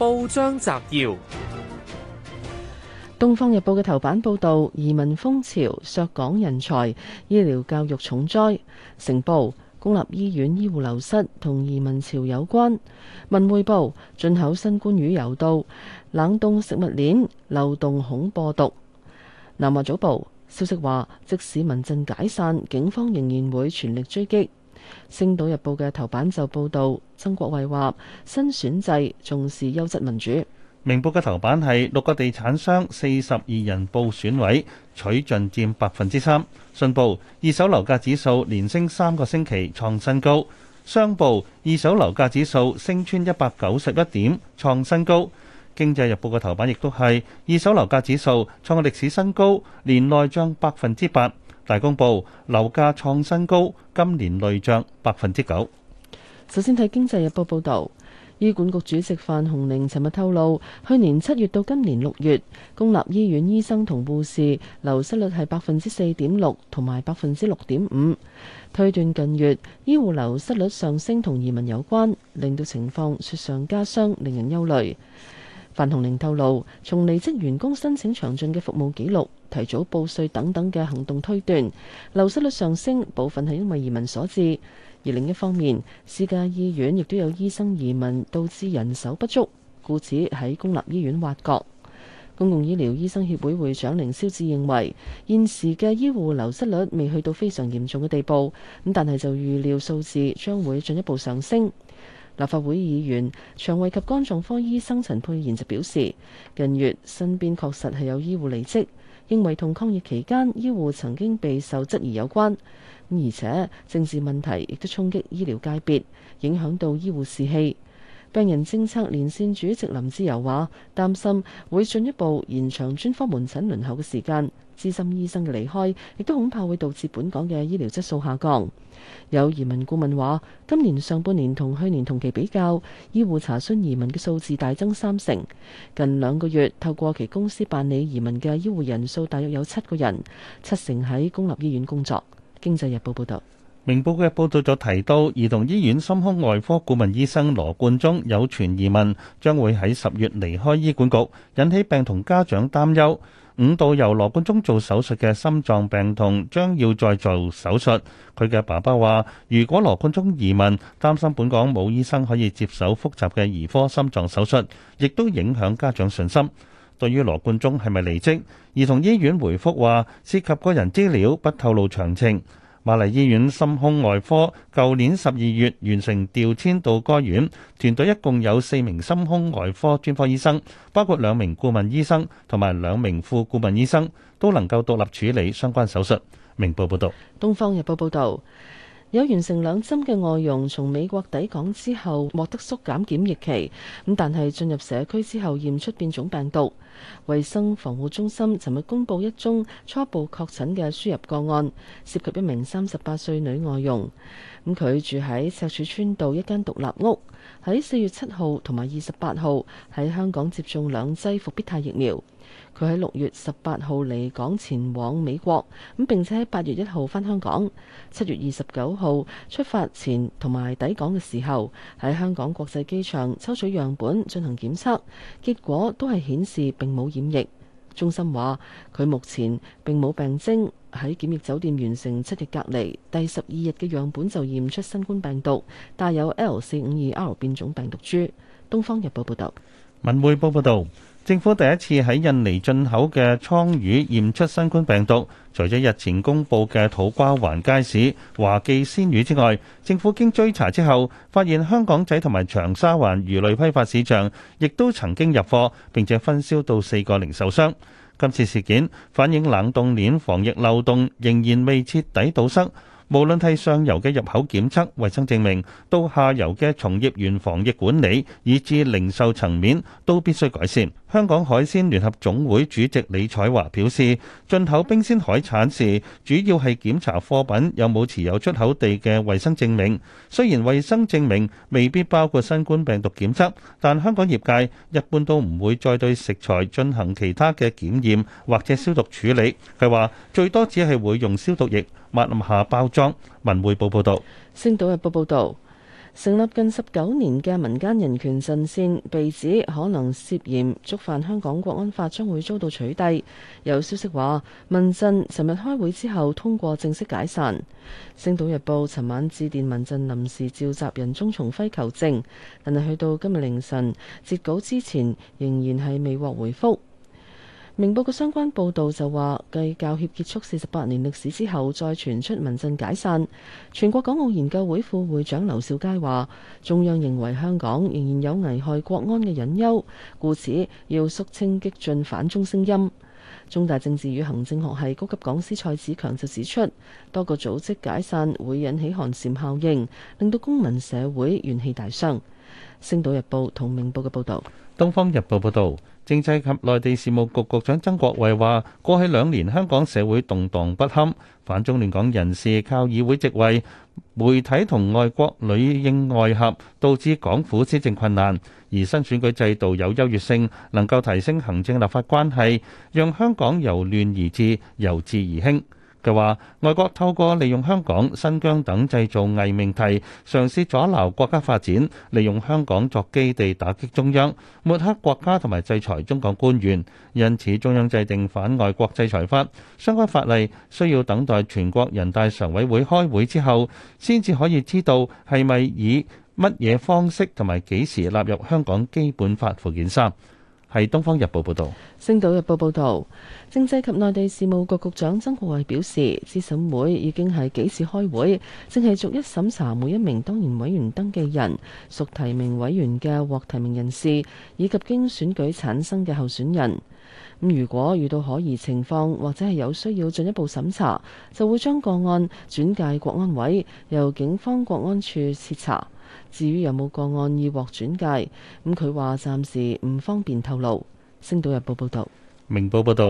報章摘要：《東方日報》嘅頭版報道移民風潮、削港人才、醫療教育重災。成報，公立醫院醫護流失同移民潮有關。文匯報，進口新冠魚油到冷凍食物鏈漏洞恐播毒。南華早報消息話，即使民陣解散，警方仍然會全力追擊。星島日報嘅頭版就報道，曾國衛話新選制重視優質民主。明報嘅頭版係六個地產商四十二人報選委，取進佔百分之三。信報二手樓價指數連升三個星期創新高，商報二手樓價指數升穿一百九十一點創新高。經濟日報嘅頭版亦都係二手樓價指數創個歷史新高，年內漲百分之八。大公報樓價創新高，今年累漲百分之九。首先睇《經濟日報》報導，醫管局主席范鴻齡尋日透露，去年七月到今年六月，公立醫院醫生同護士流失率係百分之四點六同埋百分之六點五。推斷近月醫護流失率上升同移民有關，令到情況雪上加霜，令人憂慮。范鴻齡透露，從離職員工申請詳盡嘅服務記錄、提早報稅等等嘅行動推斷，流失率上升部分係因為移民所致。而另一方面，私家醫院亦都有醫生移民，導致人手不足，故此喺公立醫院挖角。公共醫療醫生協會會長凌霄志認為，現時嘅醫護流失率未去到非常嚴重嘅地步，咁但係就預料數字將會進一步上升。立法會議員、腸胃及肝臟科醫生陳佩賢就表示，近月身邊確實係有醫護離職，認為同抗疫期間醫護曾經備受質疑有關。而且政治問題亦都衝擊醫療界別，影響到醫護士氣。病人政策連線主席林志釉話，擔心會進一步延長專科門診輪候嘅時間。資深醫生嘅離開，亦都恐怕會導致本港嘅醫療質素下降。有移民顧問話，今年上半年同去年同期比較，醫護查詢移民嘅數字大增三成。近兩個月透過其公司辦理移民嘅醫護人數大約有七個人，七成喺公立醫院工作。經濟日報報道。明報嘅報道就提到，兒童醫院心胸外科顧問醫生羅冠中有傳移民，將會喺十月離開醫管局，引起病童家長擔憂。五度由羅冠中做手術嘅心臟病童，將要再做手術，佢嘅爸爸話：如果羅冠中移民，擔心本港冇醫生可以接手複雜嘅兒科心臟手術，亦都影響家長信心。對於羅冠中係咪離職，兒童醫院回覆話：涉及個人資料，不透露詳情。瑪麗醫院心胸外科舊年十二月完成調遷到該院，團隊一共有四名心胸外科專科醫生，包括兩名顧問醫生同埋兩名副顧問醫生，都能夠獨立處理相關手術。明報報道。東方日報報道。有完成兩針嘅外傭從美國抵港之後獲得縮減檢疫期，咁但係進入社區之後驗出變種病毒。衛生防護中心尋日公布一宗初步確診嘅輸入個案，涉及一名三十八歲女外傭。咁佢住喺赤柱村道一間獨立屋，喺四月七號同埋二十八號喺香港接種兩劑復必泰疫苗。佢喺六月十八號離港前往美國，咁並且喺八月一號返香港。七月二十九號出發前同埋抵港嘅時候，喺香港國際機場抽取樣本進行檢測，結果都係顯示並冇染疫。中心話佢目前並冇病徵，喺檢疫酒店完成七日隔離，第十二日嘅樣本就驗出新冠病毒帶有 L 四五二 R 變種病毒株。《東方日報》報道。《文匯報》報道。政府第一次喺印尼進口嘅倉魚驗出新冠病毒。除咗日前公布嘅土瓜灣街市華記鮮魚之外，政府經追查之後，發現香港仔同埋長沙灣魚類批發市場亦都曾經入貨，並且分銷到四個零售商。今次事件反映冷凍鏈防疫漏洞仍然未徹底堵塞，無論係上游嘅入口檢測、衛生證明，到下游嘅從業員防疫管理，以至零售層面都必須改善。香港海鮮聯合總會主席李彩華表示，進口冰鮮海產時，主要係檢查貨品有冇持有出口地嘅衛生證明。雖然衛生證明未必包括新冠病毒檢測，但香港業界一般都唔會再對食材進行其他嘅檢驗或者消毒處理。佢話最多只係會用消毒液抹下包裝。文匯報報道。星島日報報導。成立近十九年嘅民間人權陣線被指可能涉嫌觸犯香港國安法，將會遭到取締。有消息話，民陣尋日開會之後通過正式解散。星島日報尋晚致電民陣臨時召集人鍾重輝求證，但係去到今日凌晨截稿之前，仍然係未獲回覆。明報嘅相關報導就話，繼教協結束四十八年歷史之後，再傳出民陣解散。全國港澳研究會副會長劉兆佳話：中央認為香港仍然有危害國安嘅隱憂，故此要肅清激進反中聲音。中大政治與行政學系高級講師蔡子強就指出，多個組織解散會引起寒蟬效應，令到公民社會元氣大傷。星島日報同明報嘅報導，東方日報報導。政制及內地事務局局長曾國衛話：過去兩年香港社會動盪不堪，反中亂港人士靠議會席位、媒體同外國裏應外合，導致港府施政困難。而新選舉制度有優越性，能夠提升行政立法關係，讓香港由亂而治，由治而興。佢話：外國透過利用香港、新疆等製造偽命題，嘗試阻撓國家發展，利用香港作基地打擊中央，抹黑國家同埋制裁中國官員。因此，中央制定反外國制裁法，相關法例需要等待全國人大常委會開會之後，先至可以知道係咪以乜嘢方式同埋幾時納入香港基本法附件三。係《東方日報》報道，《星島日報》報道，政制及內地事務局局長曾國衛表示，資審會已經係幾次開會，正係逐一審查每一名當然委員登記人、屬提名委員嘅獲提名人士以及經選舉產生嘅候選人。咁如果遇到可疑情況或者係有需要進一步審查，就會將個案轉介國安委，由警方國安處徹查。至於有冇個案已獲轉介，咁佢話暫時唔方便透露。星島日報報道：「明報報道，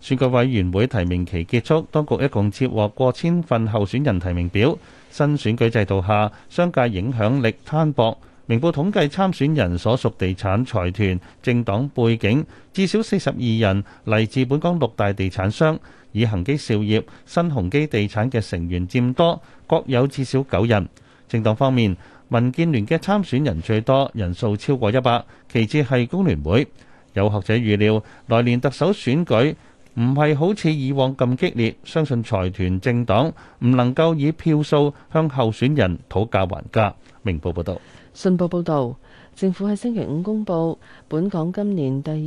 選舉委員會提名期結束，當局一共接獲過千份候選人提名表。新選舉制度下，商界影響力攤薄。明報統計參選人所屬地產財團、政黨背景，至少四十二人嚟自本港六大地產商，以恒基兆業、新鴻基地產嘅成員佔多，各有至少九人。政黨方面，民建聯嘅參選人最多，人數超過一百，其次係工聯會。有學者預料，來年特首選舉唔係好似以往咁激烈，相信財團政黨唔能夠以票數向候選人討價還價。明報報道。信報報政府喺星期五公布本港今年第二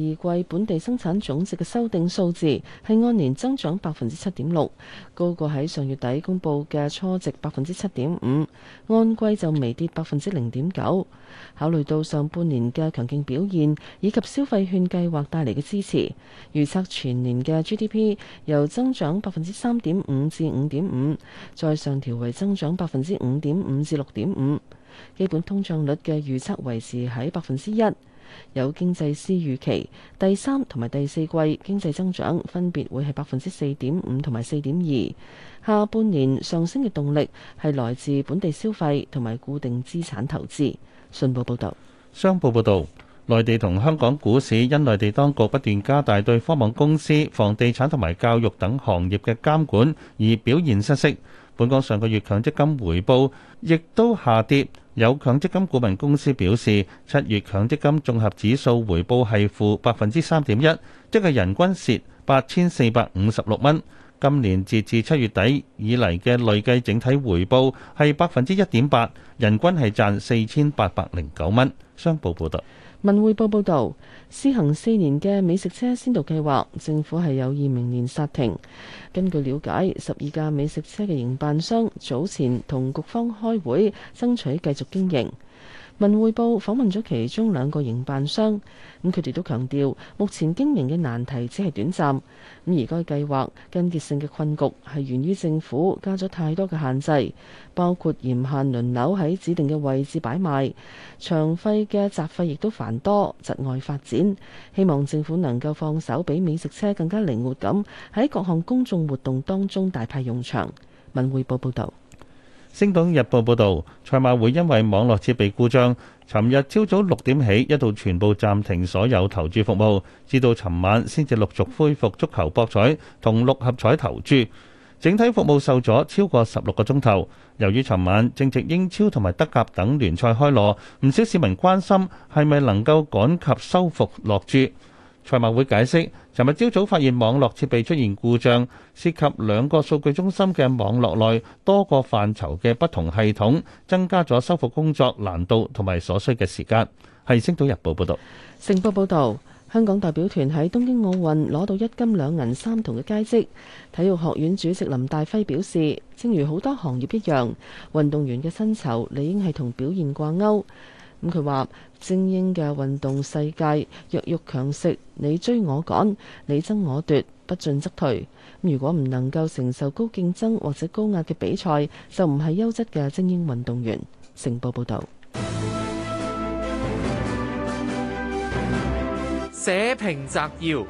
季本地生產總值嘅修訂數字，係按年增長百分之七點六，高過喺上月底公布嘅初值百分之七點五，按季就微跌百分之零點九。考慮到上半年嘅強勁表現以及消費券計劃帶嚟嘅支持，預測全年嘅 GDP 由增長百分之三點五至五點五，再上調為增長百分之五點五至六點五。基本通脹率嘅預測維持喺百分之一。有經濟師預期，第三同埋第四季經濟增長分別會係百分之四點五同埋四點二。下半年上升嘅動力係來自本地消費同埋固定資產投資。信報報道，商報報道：內地同香港股市因內地當局不斷加大對科網公司、房地產同埋教育等行業嘅監管而表現失色。本港上個月強積金回報亦都下跌。有強積金顧問公司表示，七月強積金綜合指數回報係負百分之三點一，即係人均蝕八千四百五十六蚊。今年截至七月底以嚟嘅累計整體回報係百分之一點八，人均係賺四千八百零九蚊。商報報道。文匯報報道，施行四年嘅美食車先導計劃，政府係有意明年煞停。根據了解，十二架美食車嘅營辦商早前同局方開會，爭取繼續經營。文匯報訪問咗其中兩個營辦商，咁佢哋都強調，目前經營嘅難題只係短暫，咁而該計劃根結性嘅困局係源於政府加咗太多嘅限制，包括嚴限輪流喺指定嘅位置擺賣，場費嘅雜費亦都繁多，窒礙發展。希望政府能夠放手，俾美食車更加靈活咁喺各項公眾活動當中大派用場。文匯報報道。《星島日報》報道，賽馬會因為網絡設備故障，尋日朝早六點起一度全部暫停所有投注服務，至到尋晚先至陸續恢復足球博彩同六合彩投注，整體服務受阻超過十六個鐘頭。由於尋晚正值英超同埋德甲等聯賽開鑼，唔少市民關心係咪能夠趕及收復落注。賽馬會解釋，尋日朝早發現網絡設備出現故障，涉及兩個數據中心嘅網絡內多個範疇嘅不同系統，增加咗修復工作難度同埋所需嘅時間。係《星島日報》報道。《城報》報道，香港代表團喺東京奧運攞到一金兩銀三銅嘅佳績。體育學院主席林大輝表示，正如好多行業一樣，運動員嘅薪酬理應係同表現掛鈎。咁佢話精英嘅運動世界弱肉強食，你追我趕，你爭我奪，不進則退。如果唔能夠承受高競爭或者高壓嘅比賽，就唔係優質嘅精英運動員。成報報道。社評摘要：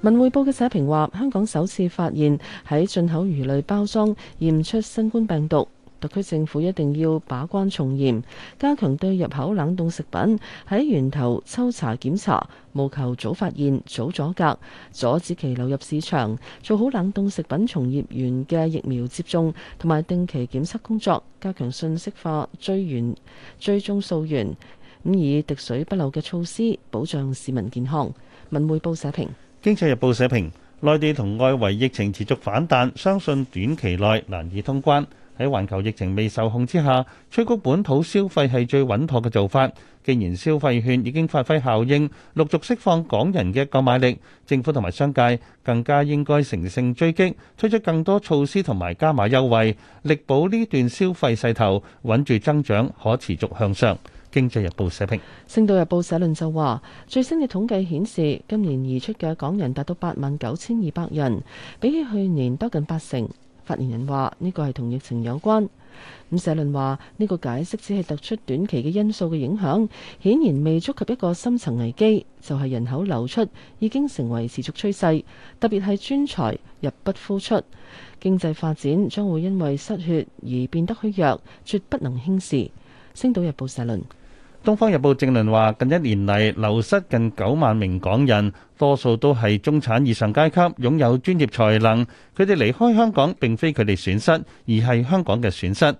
文匯報嘅社評話，香港首次發現喺進口魚類包裝驗出新冠病毒。特區政府一定要把關從嚴，加強對入口冷凍食品喺源頭抽查檢查，務求早發現、早阻隔，阻止其流入市場。做好冷凍食品從業員嘅疫苗接種同埋定期檢測工作，加強信息化追源追蹤溯源，咁以滴水不漏嘅措施保障市民健康。文匯報社評，《經濟日報》社評：內地同外圍疫情持續反彈，相信短期內難以通關。喺環球疫情未受控之下，催谷本土消費係最穩妥嘅做法。既然消費券已經發揮效應，陸續釋放港人嘅購買力，政府同埋商界更加應該乘勝追擊，推出更多措施同埋加碼優惠，力保呢段消費勢頭穩住增長，可持續向上。經濟日報社評，星島日報社論就話：最新嘅統計顯示，今年移出嘅港人達到八萬九千二百人，比起去年多近八成。發言人話：呢個係同疫情有關。咁社論話呢個解釋只係突出短期嘅因素嘅影響，顯然未觸及一個深層危機，就係人口流出已經成為持續趨勢，特別係專才入不敷出，經濟發展將會因為失血而變得虛弱，絕不能輕視。《星島日報》社論。《東方日報》正論話：近一年嚟流失近九萬名港人，多數都係中產以上階級，擁有專業才能。佢哋離開香港並非佢哋損失，而係香港嘅損失。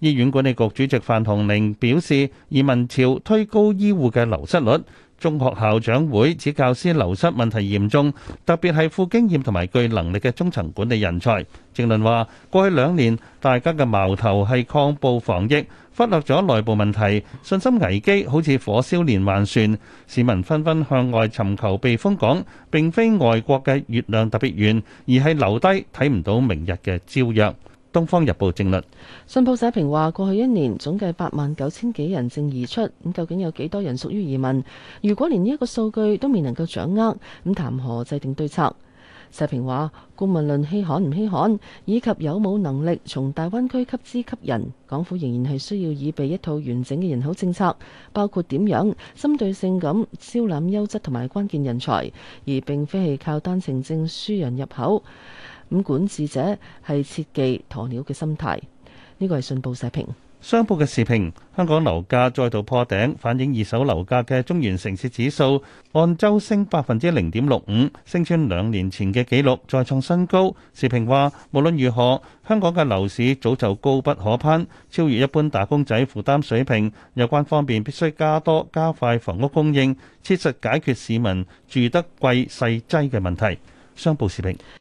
醫院管理局主席范鴻齡表示，移民潮推高醫護嘅流失率。中學校長會指教師流失問題嚴重，特別係富經驗同埋具能力嘅中層管理人才。鄭論話：過去兩年大家嘅矛頭係抗暴防疫，忽略咗內部問題，信心危機好似火燒連環船，市民紛紛向外尋求避風港。並非外國嘅月亮特別圓，而係留低睇唔到明日嘅朝陽。《東方日報》正論。信報社評話，過去一年總計八萬九千幾人正移出，咁究竟有幾多人屬於移民？如果連呢一個數據都未能夠掌握，咁談何制定對策？社評話，姑勿論稀罕唔稀罕，以及有冇能力從大灣區吸資吸人，港府仍然係需要預備一套完整嘅人口政策，包括點樣針對性咁招攬優質同埋關鍵人才，而並非係靠單程證輸人入口。五管治者係切忌鴕鳥嘅心態，呢個係信報社評。商報嘅時評，香港樓價再度破頂，反映二手樓價嘅中原城市指數按周升百分之零點六五，升穿兩年前嘅紀錄，再創新高。時評話，無論如何，香港嘅樓市早就高不可攀，超越一般打工仔負擔水平。有關方面必須加多加快房屋供應，切實解決市民住得貴、細擠嘅問題。商報時評。